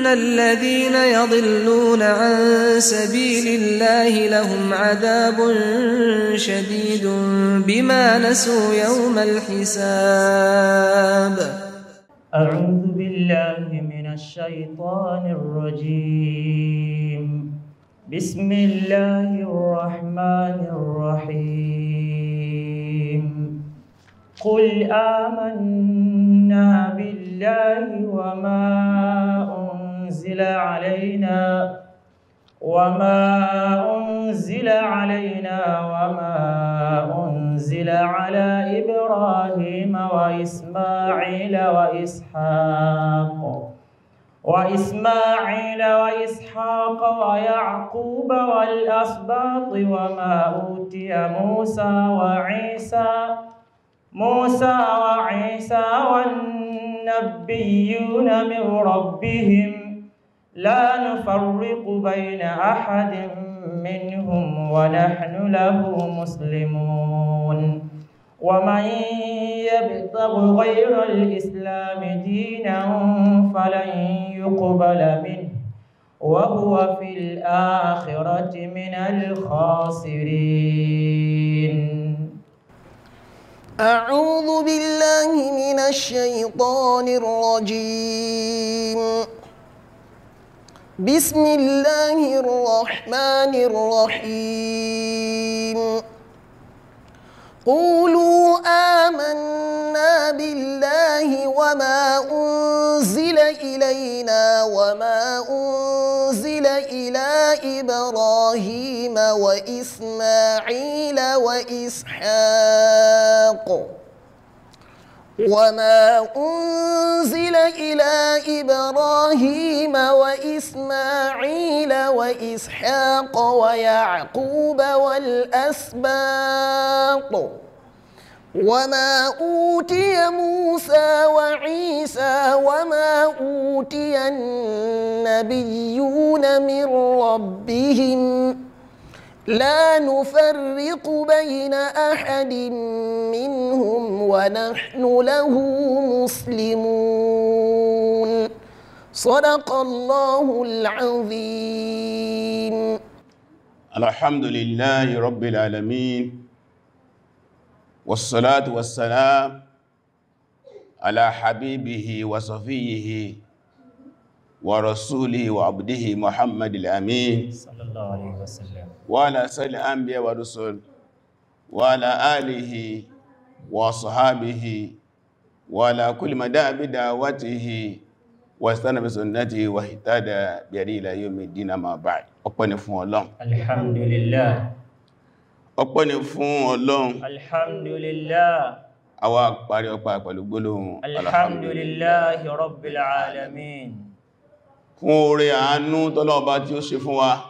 ان الذين يضلون عن سبيل الله لهم عذاب شديد بما نسوا يوم الحساب اعوذ بالله من الشيطان الرجيم بسم الله الرحمن الرحيم قل امنا بالله وما أنزل علينا وما أنزل علينا وما أنزل على إبراهيم وإسماعيل وإسحاق وإسماعيل وإسحاق ويعقوب والأسباط وما أوتي موسى وعيسى موسى وعيسى والنبيون من ربهم لا نفرق بين أحد منهم ونحن له مسلمون ومن يبتغ غير الإسلام دينا فلن يقبل منه وهو في الآخرة من الخاسرين أعوذ بالله من الشيطان الرجيم بسم الله الرحمن الرحيم قولوا آمنا بالله وما أنزل إلينا وما أنزل إلى إبراهيم وإسماعيل وإسحاق وما أنزل إلى إبراهيم وإسماعيل وإسحاق ويعقوب والأسباط وما أوتي موسى وعيسى وما أوتي النبيون من ربهم لا نفرق بين احد منهم ونحن له مسلمون صدق الله العظيم الحمد لله رب العالمين والصلاه والسلام على حبيبه وصفيه ورسوله وعبده محمد الامين صلى الله عليه وسلم وعلى سائر الأنبياء والرسل وعلى آله وصحابه وعلى كل مدى بدعوته واستنى بسنته واهتدى بهديه إلى يوم الدين ما بعد ọpẹ́ ni fún Ọlọ́run alhamdulillah ọpẹ́ ni fún Ọlọ́run alhamdulillah àwa parí ọpá pẹ̀lú gbólóhùn alhamdulillahi rabbil alamin fún oore àánú tọ́lọ́ọ̀bá tí ó ṣe fún wa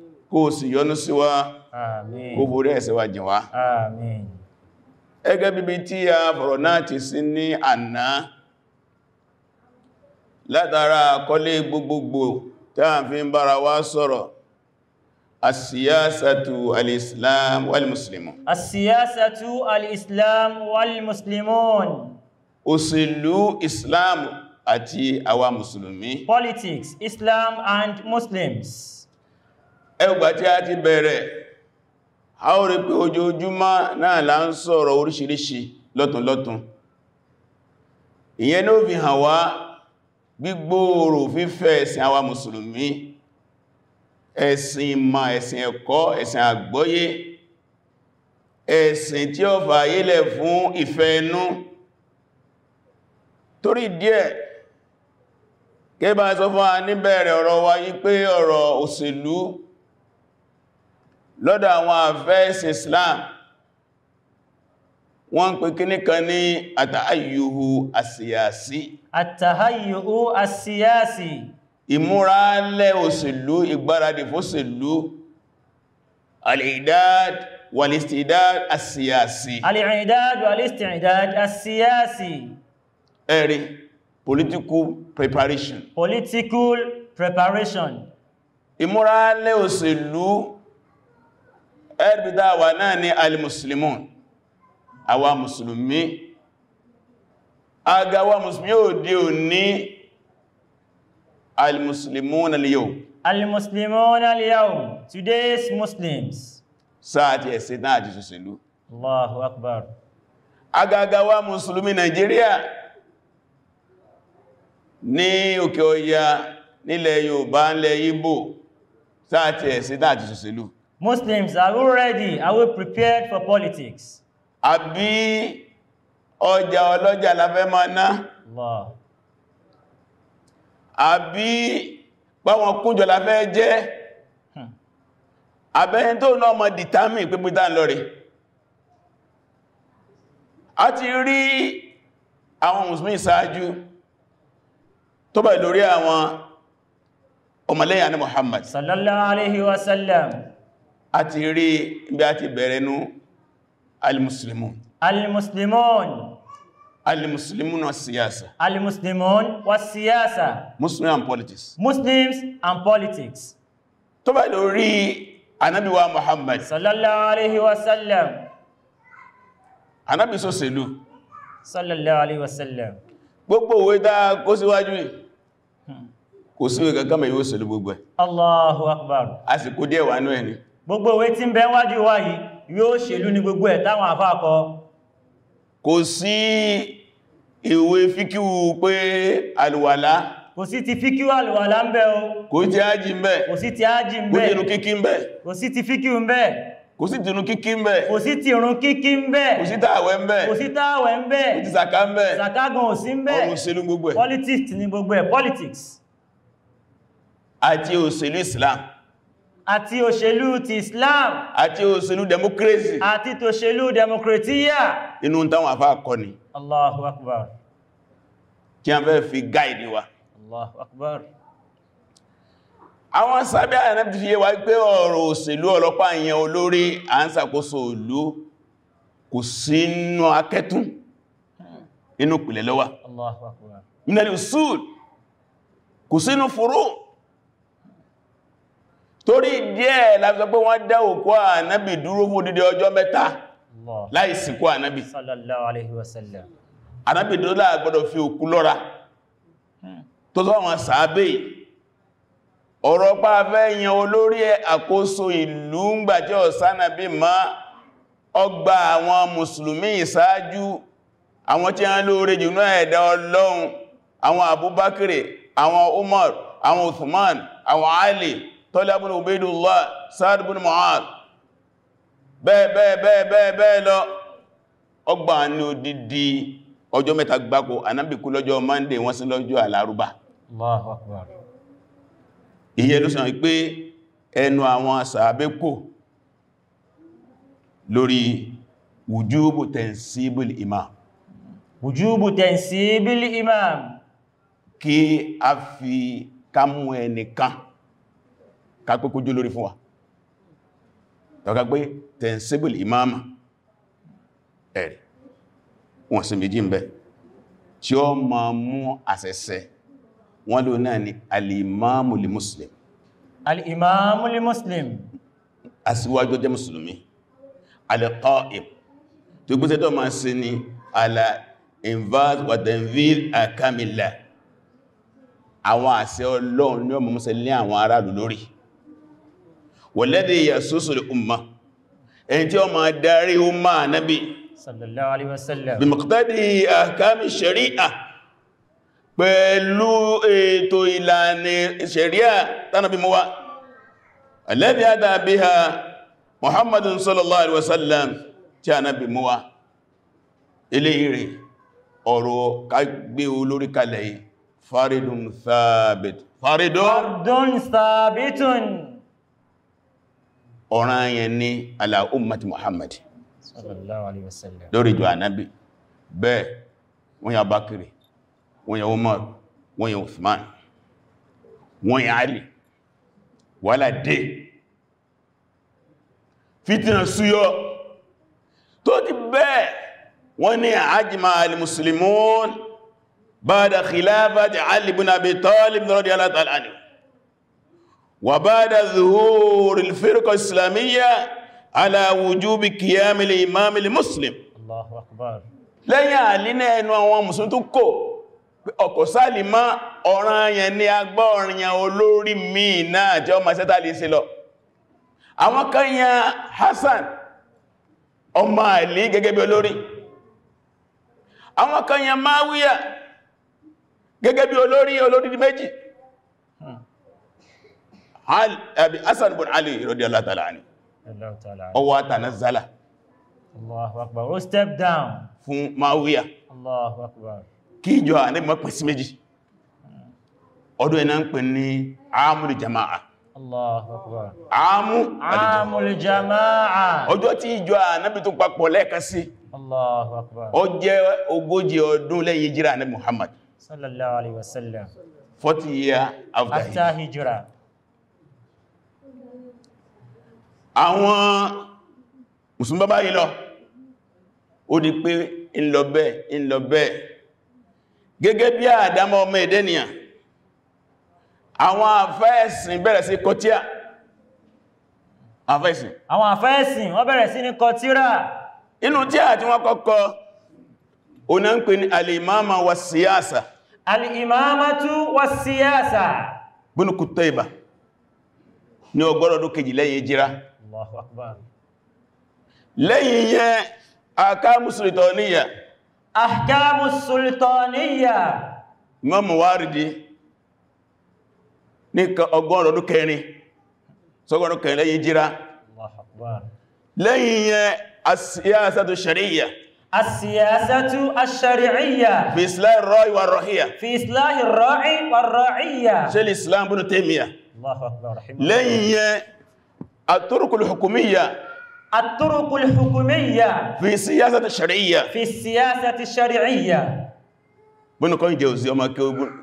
kó sì yọ́nú sí wa gbogbo rẹ̀ ẹ̀ṣẹ̀ wa jìn wá ẹgẹ́ bíbi tí a fọ̀rọ̀ náà ti sí ní àná látara àkọlé gbogbogbò táà fi ń bára wá sọ̀rọ̀ asíyásàtù al'islam wal-muslimun islam àti àwa mùsùlùmí politics islam and muslims ẹgbà tí a ti bẹ̀rẹ̀ a ó rí pé ojoojúmọ́ náà là ń sọ̀rọ̀ oríṣiríṣi lọ́tùnlọ́tùn ìyẹn ló fi hàn wá gbígbòòrò fífẹ́ ẹ̀sìn àwa mùsùlùmí ẹ̀sìn ma ẹ̀sìn ẹ̀kọ́ ẹ̀sìn àgbọ́yé ẹ̀sìn tí ó fà yílẹ̀ fún ìfẹ́ ẹnu torí díẹ̀ kẹba sọ fún a níbẹ̀rẹ̀ ọ̀rọ̀ wa pé ọ̀rọ̀ òṣèlú lọ́dọ̀ àwọn àfẹ́ẹ̀sì Islam wọ́n ń pè kíní kan ní àtàáyùhù àsìyàsí àtàáyùhù àsìyàsí ìmúralẹ̀ òṣèlú ìgbáradì fóṣèlú alìdád wàlìstìdád àsìyàsí alìdád wàlìstìdád àsìyàsí ẹ̀rí political preparation political preparation ìmúralẹ̀ òṣèlú ẹ̀rìbìdá wà náà ní al-muslimun àwa musulmi agawa musulmi ò dí ò ní al-muslimun al-yawm al-muslimun al-yawm today's muslims sáàtì ẹ̀sẹ̀ náà jí sọ́sẹ̀lú allahu akbar agagawa musulmi nigeria ní òkè ọya nílẹ̀ Yorùbá nílẹ̀ Yíbò sáàtì ẹ̀sẹ̀ náà jí sọ́sẹ̀lú Muslims are already are we prepared for politics? Abi ọjà ọlọ́jà la fẹ́ máa ná? Allah. Àbí kúnjọ la fẹ́ jẹ́? Hmm. Àbẹ́yìn tó náà mọ̀ determine pé pítà ń lọ́rẹ̀. A ti rí àwọn Mùsùlùmí ṣáájú tó bá lórí àwọn ọmọlẹ́yìn ni Muhammad. Sallallahu Alaihi Wasallam a ti rí bí a ti bẹ̀rẹ̀ nú al-muslimun al-muslimun al-muslimun wa and politics muslims and politics tó bá lórí anábíwa muhammad sallallahu alaihi wasallam anábí sọ́sẹ̀lú sallallahu alaihi wasallam gbogbo òwe dáa kó síwájú yìí hmm. kò sí ìgbàgbàmà yóò sẹ̀lú gbogbo ẹ̀ Allahu akbar a sì kó díẹ̀ wà ní ẹni gbogbo ìwé tí ń bẹ wájú wa yìí yóò ṣèlú ní gbogbo ẹ̀ táwọn àfáàkọ kò sí ìwé fíkíwù pé alùwàlá kò sí ti fíkíwù alùwàlá ń bẹ o kò sí ti ájì ń bẹ kò sí ti ájì ń bẹ kò sí tinú kíkí ń bẹ kò sí ti fíkíwù ń bẹ kò sí tinú kíkí ń bẹ kò sí ti irun kíkí ń bẹ kò sí táàwẹ̀ ń bẹ kò sí táàwẹ̀ ń bẹ kò sí sàká ń bẹ sàkágan ò sí ń bẹ ọrùn òṣèlú gbogbo ẹ̀ politics ni gbogbo ẹ̀ politics àti òṣèlú Islam àti òṣèlú ti Islam àti òṣèlú democracy àti tòṣèlú democratia inú táwọn àfá kọ́ ni Allahu Akbar kí a fẹ́ fi gáìdì wa Allahu Akbar àwọn sábẹ́ àyànàbí fi yé wa pé ọ̀rọ̀ òṣèlú ọlọ́pàá ìyẹn olórí à ń ṣàkóso ìlú kò sínú akẹ́tún inú pìlẹ̀ Allahu Akbar minal usul kò sínú torí díẹ̀ la sọ pé wọ́n dá òkú ànábì dúró fún dídé ọjọ́ mẹ́ta láìsìnkú ànábì alaihi wasallam ànábì dúró láàgbọ́dọ̀ fi òkú lọ́ra tó sọ àwọn sàábé ọ̀rọ̀ pa fẹ́ yan olórí àkóso ìlú ń gbàjẹ́ ọ̀sánàbí ma ọgbà àwọn mùsùlùmí ìsáájú àwọn tí wọ́n lóore jù umar àwọn uthman àwọn ali Tọ́lá ibn Ubaydullah Sa'd ibn Mu'adh bẹ́ẹ̀ bẹ́ẹ̀ bẹ́ẹ̀ bẹ́ẹ̀ bẹ́ẹ̀ lọ ọgbà ní odidi ọjọ́ mẹ́ta gbáko anábìkú lọ́jọ́ Monday wọ́n sí lọ́jọ́ alárúbá Allahu Akbar ìyẹ́ ló sàn pé ẹnu àwọn sàábẹ́kò lórí wujubu tensibul imam wujubu kí a fi kámú ẹnìkan kápé kó jó lórí fún wa tọ́ka pé tẹ̀síbìlì ìmáàmà ẹ̀rì wọ́n sí méjì ń bẹ tí ó ma mú àṣẹṣẹ wọ́n ló náà ni alìmáàmù lè muslim alìmáàmù lè muslim aṣíwájú jẹ́ musulmi alìkọ́ìm tó gbé ala invas wa tanvir akamila àwọn àṣẹ ọlọ́run ní ọmọ mọ́sẹ̀ lé àwọn aráàlú lórí wọ̀lẹ́dẹ̀ yasusul umma ẹni tí ó máa darí umma nábi sallallahu alaihi wasallam bí muqtadi ahkami shari'a pẹ̀lú ètò ìlànà shari'a tánàbí mọ́wá alẹ́bí adá biha muhammadun sallallahu alaihi wasallam tí a nábi mọ́wá ilé faridun thabit faridun faridun thabitun ọ̀ràn yẹn ní ala ummati Muhammad sallallahu alaihi wasallam lórí ìjọ ànábì bẹ́ẹ̀ wọ́n yà Bakiri wọ́n yà Umar wọ́n yà Uthman wọ́n yà Ali wàhálà dé fitina súyọ́ tó ti bẹ́ẹ̀ wọ́n ní àjímà al-muslimun ba'da khilafati Ali ibn Abi Talib radiyallahu وبعد ظهور الفرق الإسلامية على وجوب قيام الإمام المسلم الله أكبر lẹ́yìn àlínà ẹnu àwọn mùsùlùmí tó kò ọkọ̀ sáàlì má ọ̀ràn yẹn ní agbá ọ̀rìyàn olórí míì náà jẹ́ ọmọ ìṣẹ́ta lè ṣe lọ àwọn kan yan Hassan ọmọ Àlí gẹ́gẹ́ bí olórí àwọn kan yan Máwíyà gẹ́gẹ́ bí olórí olórí méjì abi hassan bin ali radiyallahu ta'ala anhu ọwọ́ àtànazala Allahu akbar ó oh, step down fún Muawiya Allahu akbar kí ìjọ àní mọ́ pẹ̀sí méjì ọdún ẹ̀nà ń pè ní àmúlù jama'a Allahu akbar àmúlù jama'a ọjọ́ tí ìjọ ànábì tó papọ̀ lẹ́ẹ̀kan sí Allahu akbar ó jẹ́ ogójì ọdún lẹ́yìn hijira ànábì Muhammad sallallahu alaihi wasallam 40 years after hijira àwọn mùsùlùmí bá yìí lọ ó di pé ìlọ̀bẹ̀ ìlọ̀bẹ̀ gẹ́gẹ́ bí àdámọ́ ọmọ ìdẹ́nìyàn àwọn àfẹ́ẹ̀sìn bẹ̀rẹ̀ sí kọtíà àfẹ́ẹ̀sìn àwọn àfẹ́ẹ̀sìn wọ́n bẹ̀rẹ̀ sí ní kọtíra inú tí àti wọ́n kọ́kọ́ oná ń alìmáàmà wa síyásà alìmáàmà tú wa síyásà Ibn Kutayba ní ọgọ́rọ̀dún kejì lẹ́yìn Allahu akbar lẹ́yìn yẹn ahkamu sultaniya ahkamu sultaniya Imam Waridi ní ọgọ́rùn ọdún kẹrin sọgọ́rùn kẹrin lẹ́yìn jíra Allahu akbar lẹ́yìn yẹn asiyasatu shari'iyya السياسة الشرعية في إصلاح الراعي والرعية في إصلاح الراعي والرعية شيخ الإسلام ابن تيمية الله أكبر رحمه الله الطرق الحكومية الطرق الحكومية في السياسة الشرعية في السياسة الشرعية بنو كون جوزي وما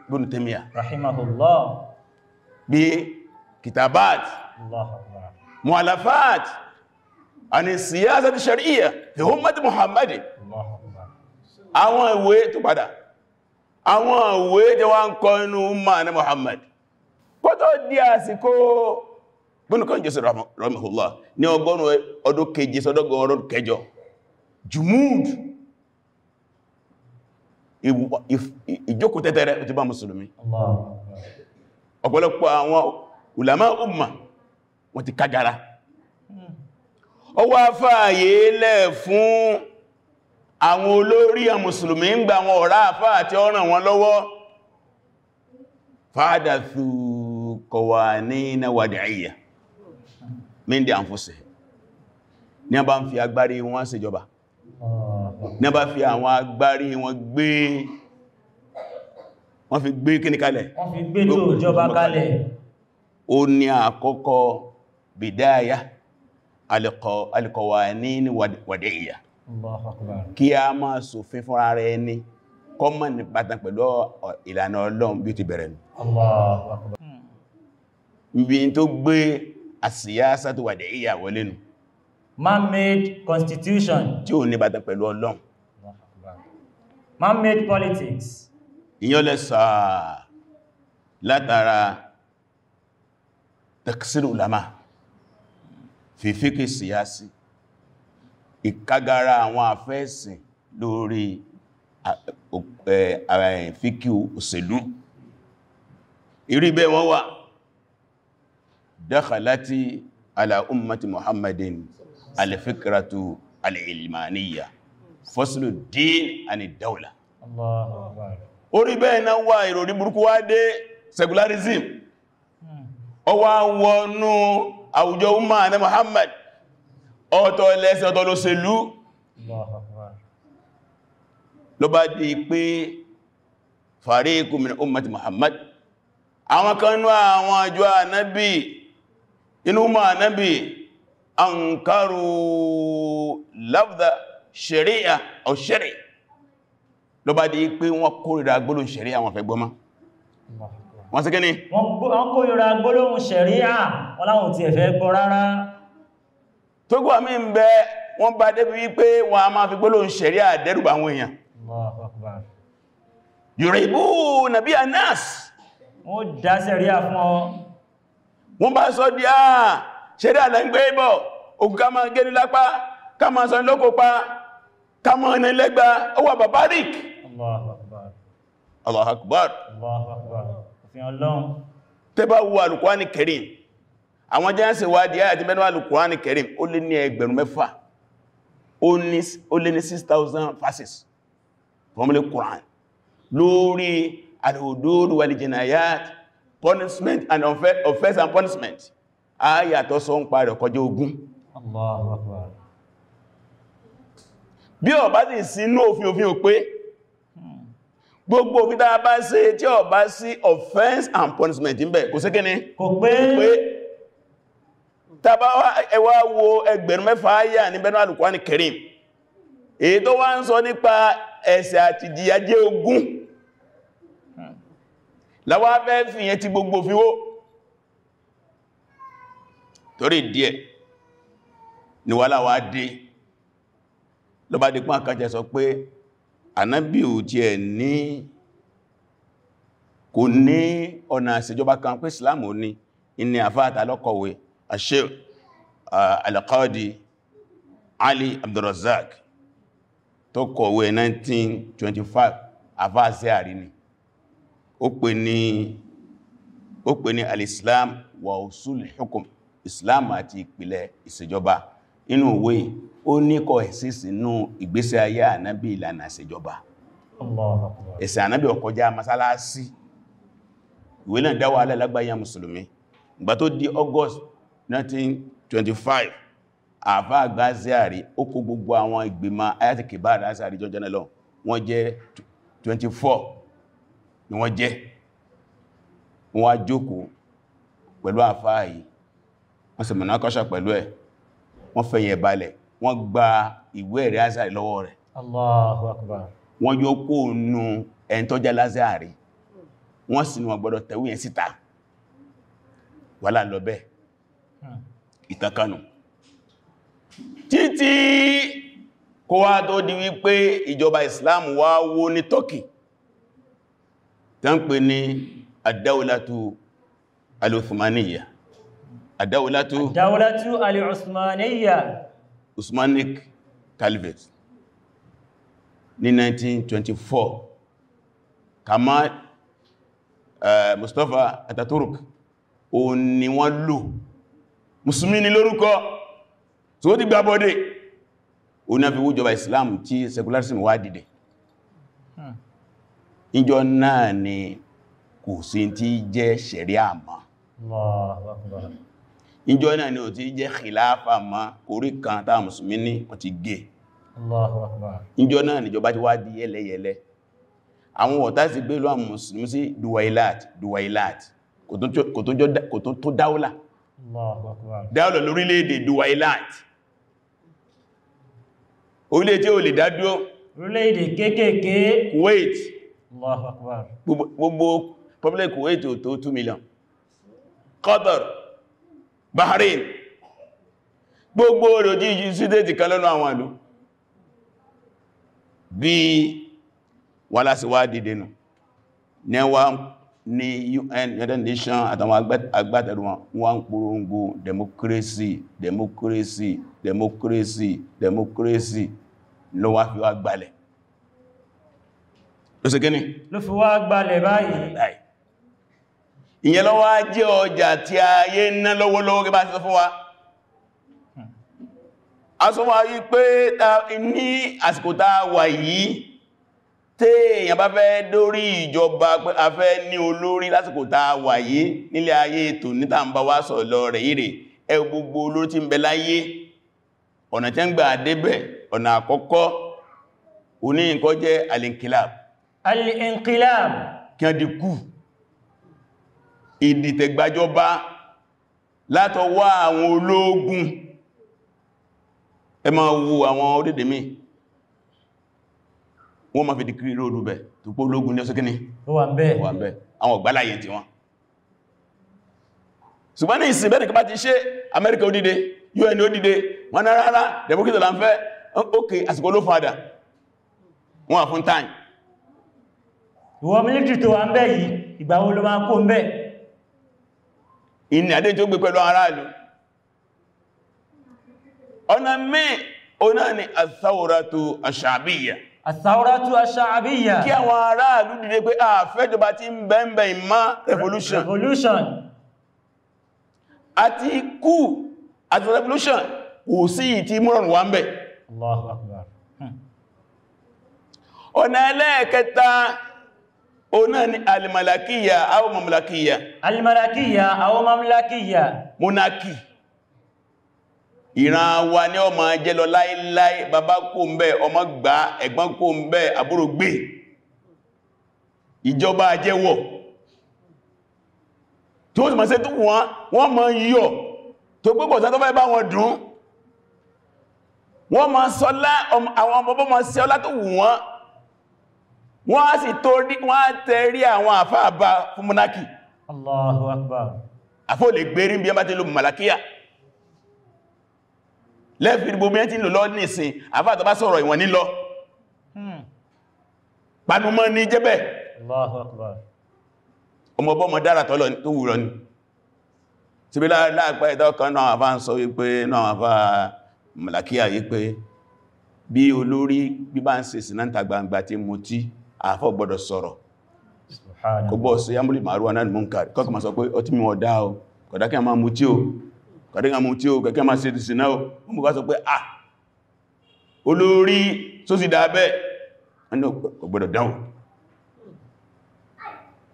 بنو تيمية رحمه الله بكتابات الله أكبر مؤلفات عن السياسة الشرعية في أمة محمد الله أكبر àwọn ìwé tó padà àwọn ìwé tí wọ́n ń kọ inú mọ̀ ní Muhammad gbọ́nùkan jésù rahimahullah ní ọgọ́rùn ọdún keje sọ́dọ́gọ́ ọdún kẹjọ jùmúd ìjókòó tẹ́tẹ́rẹ ti bá mùsùlùmí ọ̀pọ̀lọpọ̀ àwọn ulama umma wọ́n ti kagara ó wá fààyè lẹ̀ fún àwọn olórí àwọn mùsùlùmí ń gba àwọn ọ̀rá àfá àti ọ̀ràn wọn lọ́wọ́ fàádàtù kọwàní na wàdìíyà minde àǹfọ́sẹ̀ ní a bá ń fi agbárí wọn ṣèjọba ní a bá fi àwọn agbárí wọn gbé wọ́n fi gbé kíní kalẹ̀ wọ́n fi gbé ló ìjọba kalẹ̀ ó ní àkọ́kọ́ bidaya alqawanin wad'iyya kí a máa ṣòfin fún ara ẹni kọ́mọ̀ ní pàtàkì pẹ̀lú ìlànà ọlọ́run bí ti bẹ̀rẹ̀ nù. Ibi tó gbé àsíyásá tó wàdẹ̀ ìyà wọlé man-made constitution tí ò ní bàtà pẹ̀lú ọlọ́run man-made politics ìyàn lẹ sàá látara taksir ulama fi fíkì síyásí ìkágara àwọn afẹ́ẹ̀sìn lórí fíkì òṣèlú ìrí bẹ́ wọ́n wà dakhalati ala ummati muhammadin alifikratu al'ilmaniya fọ́sílù dín àni dáúlà orí bẹ́ẹ̀ náà wà ìròrí burúkú wá dé secularism ọwá wọnú àwùjọ umma na muhammad ọ̀tọ̀ ẹlẹ́sẹ̀ ọ̀tọ̀ lóṣèlú ló bá di pé fariqu min ummati muhammad àwọn kanú àwọn àjọ ànábì inú ma nábi an karo lafza shari'a o shari ló bá di pé wọ́n kórìíra gbólóhùn shari'a wọn fẹ́ gbọ́má wọ́n sí kíní wọ́n kórìíra gbólóhùn shari'a wọ́n láwọn ti ẹ̀fẹ́ gbọ́ rárá tó gbọ́ mí ń bẹ wọ́n bá débi wípé wọ́n a wọ́n bá sọ di àà ṣẹ́dá àlẹ́gbẹ́ ìbọ̀ ogun ká máa gẹ́ nílápá ká máa sọ lókópa ká máa ní lẹ́gbà ó wà barbaric Allahu Akbar Allahu Akbar Allahu Akbar òfin Ọlọ́run tẹ́ bá wo Al-Qur'ani Karim àwọn jẹ́ǹsì wá di àyà tí mẹ́nu Al-Qur'ani Karim lórí al-hudud wal punishment and offense and punishment ayà tó sọ ń parẹ̀ kọjá ogún Akbar bí ó bá sì sínú òfin òfin ò pé hmm. gbogbo òfin tàà bá ṣe tí ó sí offense and punishment ń bẹ kò sí kíní kò pé tàbá ẹwà wo ẹgbẹ̀rún mẹ́fà ayà ní bẹ́nu Al-Qur'an Karim èyí tó wá ń sọ nípa ẹ̀ṣẹ̀ àti ìjìyà láwá fẹ́ fìyẹn ti gbogbo fi wó torí díẹ̀ ni wà láwá dé ló bá dípá àkájẹ sọ pé ànábì ò tí ẹ̀ ní kò ní ọ̀nà àṣẹjọba kan pé Islam ò ní inú àfáàtà lọ́kọ̀wé àṣẹ uh, al Ali Abdurrazzaq tó kọ̀wé 1925 àfáàṣẹ́ àrí ni ó pè ní ó al-islam wa usul hukum islam àti ìpìlẹ̀ ìṣèjọba inú òwe ó níkọ̀ ẹ̀sí sínú ìgbésẹ̀ ayé ànábì ìlànà ìṣèjọba ẹ̀sìn ànábì ọkọjá masálásí ìwé náà dáwà alẹ́ lágbàáyà mùsùlùmí ìgbà tó di august 1925 àfá àgbà zíàrí ó kó gbogbo àwọn ìgbìmọ̀ ayatikibar azari jọjọ́ náà lọ wọ́n jẹ́ 24 ni wọ́n jẹ́ wọ́n á jókòó pẹ̀lú àfáà yìí wọ́n sì mọ̀nà kọ́ṣà pẹ̀lú ẹ̀ wọ́n fẹ̀yẹ̀ balẹ̀ wọ́n gba ìwé ẹ̀rí azari lọ́wọ́ rẹ̀ Allahu Akbar wọ́n yóò kó nù ẹn tó jẹ́ lázari wọ́n sì ní wọ́n gbọ́dọ̀ tẹ̀wé yẹn síta wà lálọ́bẹ̀ Islam wá wó tán pè ní àdáwòlátú al-Uthmaniyya àdáwòlátú àdáwòlátú al Calvert ní 1924 Kamal uh, Mustafa Ataturk ó ní wọ́n lò Mùsùlùmí ni lórúkọ tí ó ti gbà bọ́dé ó náà fi wújọba Islam tí secularism wá dìde hmm ìjọ náà ni kò sí tí jẹ́ ṣẹ̀ríà mọ́ ìjọ náà ni ò tí jẹ́ kìláàfà mọ́ orí kan táà mùsùlùmí ní wọ́n ti gé ìjọ náà ni ìjọba ti wá di yẹ́lẹ́yẹ́lẹ́ àwọn ọ̀tá sì gbé lọ́wọ́ mùsùlùmí sí duwailat duwailat kò tó tó dáúlà dáúlà lórílẹ̀-èdè duwailat orílẹ̀-èdè tí ó lè dádúró orílẹ̀-èdè kéékèèké Kuwait Allahu Akbar gbogbo public Kuwait ò tó 2 million Qatar Bahrain gbogbo òròjí ìsídẹ̀tì kan lọ́nà àwọn àlú bí wà lásìwá dìdẹ̀nù nẹwà ní UN United Nations àtàwọn agbátẹ̀rù wọn wọ́n ń polongo democracy democracy democracy democracy ló wá gbalẹ̀ ló ṣe gẹ́ni ló fi wá gbalẹ̀ báyìí ìyẹn ló wá jẹ́ ọjà tí ayé ná lọ́wọ́lọ́wọ́ gẹ́bá sí sọ fún wa a sọ wá yí pé ní àsìkò tá a wà yìí tí èyàn bá fẹ́ dórí ìjọba pé a fẹ́ ní olórí lásìkò tá a wà yìí nílé ayé ètò níta ń bá wá sọ lọ rẹ̀ ire ẹ gbogbo olórí tí ń bẹ láyé ọ̀nà tí ń gbà débẹ̀ ọ̀nà àkọ́kọ́ oní nǹkan jẹ́ alinkilab al-inqilab kí a dìkú ìdìtẹ̀gbàjọba látọwọ́ àwọn ológun ẹ máa wo àwọn orílẹ̀-èdè mi wọ́n máa fi dìkírí ròdù bẹ̀ tó pọ́ ológun ní ọsọ́kíní wà bẹ́ àwọn ọ̀gbáláyé tí wọ́n ṣùgbọ́n ní ìsìn bẹ́ẹ̀ nìkan ti ṣe Amẹ́ríkà ó dìde UN ó dìde wọ́n náà rárá democracy la ń fẹ́ ókè àsìkò ló fàdà wọ́n àfún ìwọ mílítì tó wà ń bẹ yìí ìgbà wo ló máa kó ń bẹ ìní àdé tó gbé pẹ̀lú aráàlú ọ̀nà mẹ́ ọ̀nà ni asáwòrátù aṣàbíyà asáwòrátù aṣàbíyà kí àwọn aráàlú dìde pé àfẹ́jọba ah, tí ń bẹ̀m̀bẹ̀ ìmá revolution revolution àti kú revolution kò sí ìtí múrọ̀rùn wá ń bẹ̀ Allahu hmm. ọ̀nà ẹlẹ́ẹ̀kẹta o náà ni alìmàlàkíyà àwọn mamlakíyà alìmàlàkíyà àwọn mamlakíyà monarchy ìran wa ní ọmọ jẹ́ lọ láíláí bàbá kó ń bẹ́ ọmọ gbá ẹ̀gbọ́n kó ń bẹ́ àbúrò gbé ìjọba ajẹ́wọ̀ tó sì máa ṣe tó wọ́n wọ́n máa yọ̀ tó gbogbo tó bá wọn dùn wọ́n máa sọ́lá àwọn ọmọ bọ́ máa sọ́lá tó wọ́n wọ́n á sì tó rí wọ́n á tẹrí àwọn àfáàbá fún monarchy Allahu Akbar àfó lè gbérí bí ẹmbá tí ló mọ̀lákíyà lẹ́fì gbogbo ẹ̀ tí lò lọ nìsìn àfáà tó bá sọ̀rọ̀ ìwọ̀n nílọ hmm. panumọ́ ní jẹ́bẹ̀ Allahu Akbar ọmọ ọbọ́mọ dára tọ́lọ tó wùrọ ni tí bí láàpá ìdọ́kan náà àfáà ń sọ wípé náà àfáà mọ̀lákíyà wípé bí olórí bí ń ṣe sínà gbangba tí mo tí àfọ́ gbọ́dọ̀ sọ̀rọ̀ kò bọ́ sí yámúlì màárùwà náà múnkàrí kọ́kọ́ ma sọ pé ọtí mi ọ̀dá o kọ̀dákẹ́ ma mú tí o kọ̀dákẹ́ mú tí o kẹ́kẹ́ ma ṣe ìsìná o wọ́n mú ká sọ pé à olórí tó sì dábẹ́ kò gbọ́dọ̀ dáwò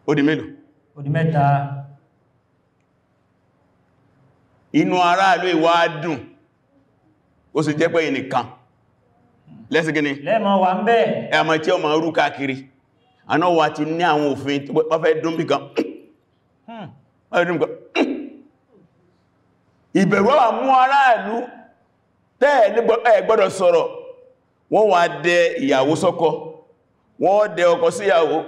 ó di mélòó ó di mẹ́ta inú aráàlú ìwádùn ó sì jẹ́ pé ẹnìkan lẹ́sìn gíní lẹ́mọ̀ wà ń bẹ́ ẹ̀mọ̀ tí ó ma rú káàkiri wà ti ní àwọn òfin tó bá fẹ́ hmm. kan ìbẹ̀rù wà ará ìlú tẹ́ẹ̀ ní gbọ́dọ̀ sọ̀rọ̀ wọ́n wá dẹ ìyàwó sọ́kọ wọ́n dẹ ọkọ sí ìyàwó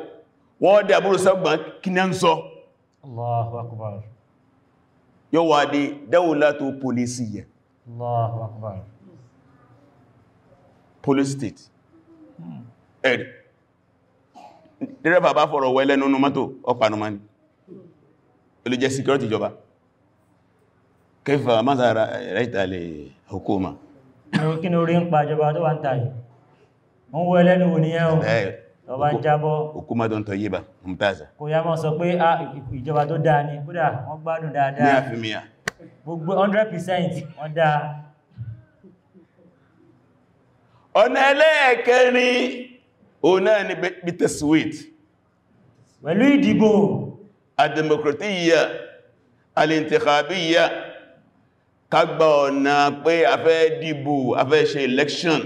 wọ́n dẹ àbúrò sọ́gbọ̀n kí ní ń sọ police state ẹ̀rì dírẹ́bà bá fọ̀rọ̀ wọ ẹlẹ́nu ní mọ́tò ọpànumá ni ó lè jẹ́ security ìjọba kẹfà mázàrà ẹ̀rẹ́tàlẹ̀ hukuma kí ni orí ń pa ìjọba tó wà ń tàyè wọ́n wọ ẹlẹ́nu wò ní ẹ̀hùn ọba ń jábọ́ hukuma tó ń tọ yíba ń pẹ́sà kò yá mọ́ sọ pé ah, ìjọba tó dáa ni kódà wọ́n gbádùn dáadáa ní àfimíyà gbogbo 100% wọ́n dáa ọ̀nà ẹlẹ́ẹ̀kẹrin òun náà ni bittersweet pẹ̀lú ìdìbò àdèmọ̀kìrìtíyà alìntìkàbíyà kagbà ọ̀nà pé a fẹ́ dìbò a fẹ́ ṣe election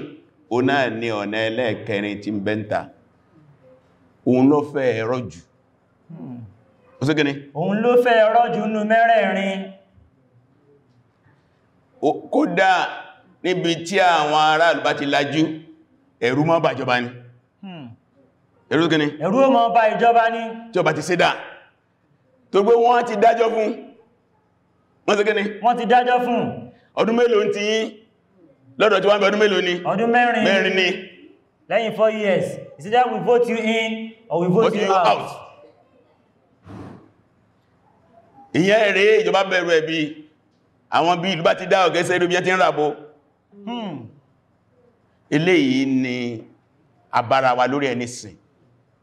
òun náà ni ọ̀nà ẹlẹ́ẹ̀kẹrin tí ń bẹ́ntà òun ló fẹ́ ẹ̀rọ jù òun ló fẹ́ ẹ̀rọ jù nú mẹ́rẹ̀ẹ̀rin kódà níbi tí àwọn aráàlú bá ti lajú ẹ̀rù mọ́ bá ìjọba ni hmm. ẹ̀rù gini ẹ̀rù mọ́ bá ìjọba ni tí ó bá ti sédà tó gbé wọ́n ti dájọ́ fún wọ́n ti gini wọ́n ti dájọ́ fún ọdún mélòó ti yí lọ́dọ̀ tí wọ́n bẹ ọdún mélòó ni ọdún mẹ́rin mẹ́rin ni lẹ́yìn four years is it that we vote you in or we vote, vote you, you out, out. ìyẹn rèé ìjọba bẹ̀rù ẹ̀bí àwọn bí ìlú bá ti dá ọ̀gẹ́sẹ̀ ìlú bí ẹ ti ń ràbọ̀ Hmm. eléyìí ni àbára wa lórí ẹni sìn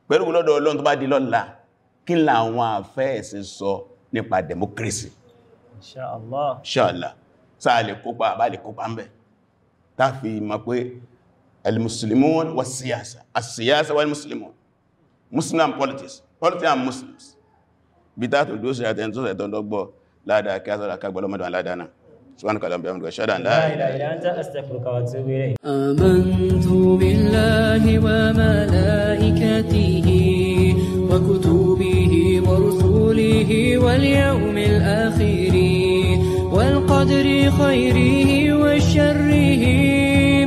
pẹ̀lú lọ́dọ̀ ọlọ́run tó bá di lọ́la kí làwọn àfẹ́ ẹ̀sìn sọ nípa democracy Insha Allah Insha Allah sáà lè kópa àbá lè kópa ń bẹ̀ táàfi mọ̀ pé al-muslimun wa siyasa as-siyasa wa al-muslimun muslim politics politics and muslims bí tààtù dóṣe àtẹ́ntọ́sẹ̀ tọ́ndọ́gbọ́ ládàá kí á sọ́rọ̀ àkágbọ́lọ́mọ́dún aládàá náà سبحانك اللهم وبحمدك أشهد أن لا إله إلا أنت أستغفرك وأتوب إليك آمنت بالله وملائكته وكتبه ورسله واليوم الآخر والقدر خيره وشره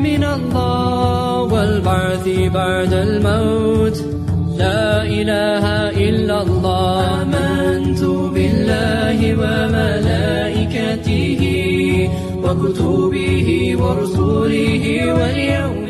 من الله والبعث بعد الموت لا إله إلا الله آمنت بالله وملائكته وكتبه ورسله واليوم